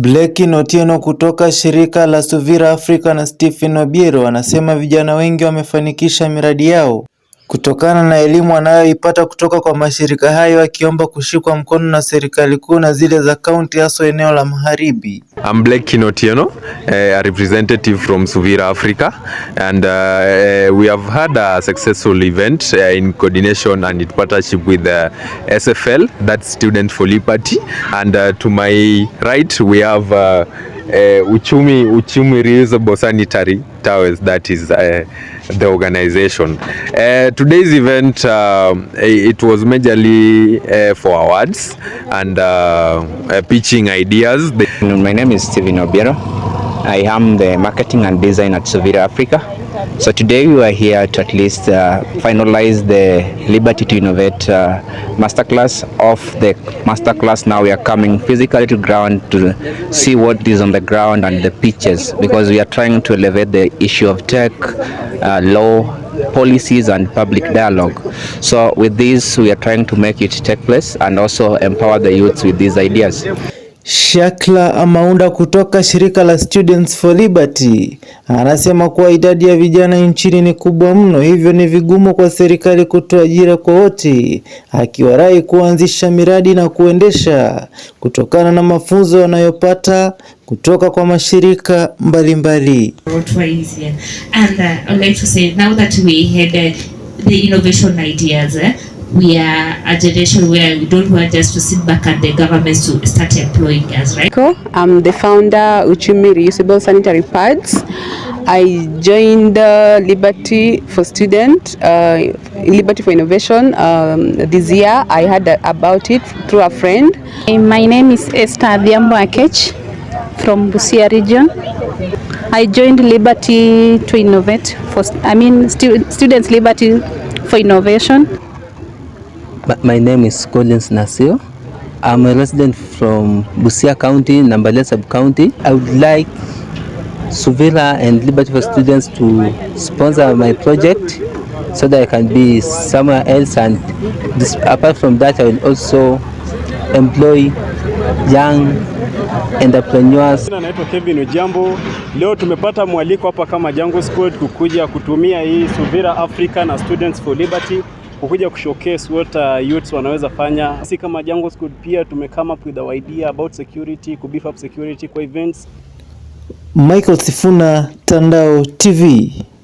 Blake Notieno kutoka shirika la Suvira Africa na Stephen Obiero anasema vijana wengi wamefanikisha miradi yao kutokana na elimu wanayoipata kutoka kwa mashirika hayo, akiomba kushikwa mkono na serikali kuu na zile za kaunti, hasa eneo la magharibi. I'm Blake Kinotieno, a representative from Suvira Africa and uh, we have had a successful event uh, in coordination and in partnership with the uh, SFL, that's student for Liberty and uh, to my right we have uh, uh, uchumi uchumi reusable sanitary towels that is uh, the organization uh, today's event uh, it was majorly uh, for awards and uh, uh, pitching ideas my name is Steven Obiero I am the marketing and design at Suvira Africa So today we are here to at least uh, finalize the Liberty to Innovate uh, masterclass. Of the masterclass, now we are coming physically to ground to see what is on the ground and the pitches, because we are trying to elevate the issue of tech, uh, law, policies and public dialogue. So with this, we are trying to make it take place and also empower the youths with these ideas. Shakla Amaunda kutoka shirika la Students for Liberty anasema kuwa idadi ya vijana nchini ni kubwa mno, hivyo ni vigumu kwa serikali kutoa ajira kwa wote, akiwarai kuanzisha miradi na kuendesha kutokana na mafunzo wanayopata kutoka kwa mashirika mbalimbali mbali we are a generation where we don't want just to sit back and the government to start employing us, right? Cool. I'm the founder Uchumi Reusable Sanitary Pads. I joined uh, Liberty for Student, uh, Liberty for Innovation um, this year. I heard about it through a friend. My name is Esther Adhiambo Akech from Busia region. I joined Liberty to Innovate for, I mean, stu Students Liberty for Innovation. My name is Collins Nasio. I'm a resident from Busia County, Nambale sub-county. I would like Suvira and Liberty for Students to sponsor my project so that I can be somewhere else and this, apart from that I will also employ young entrepreneurs. Naitwa Kevin Ujambo. Leo tumepata mwaliko hapa kama Jango Squad kukuja kutumia hii Suvira Africa na Students for Liberty kukuja kushowcase what uh, youths wanaweza fanya. Si kama Jungle Squad pia tume come up with our idea about security, ku beef up security kwa events. Michael Sifuna, Tandao TV.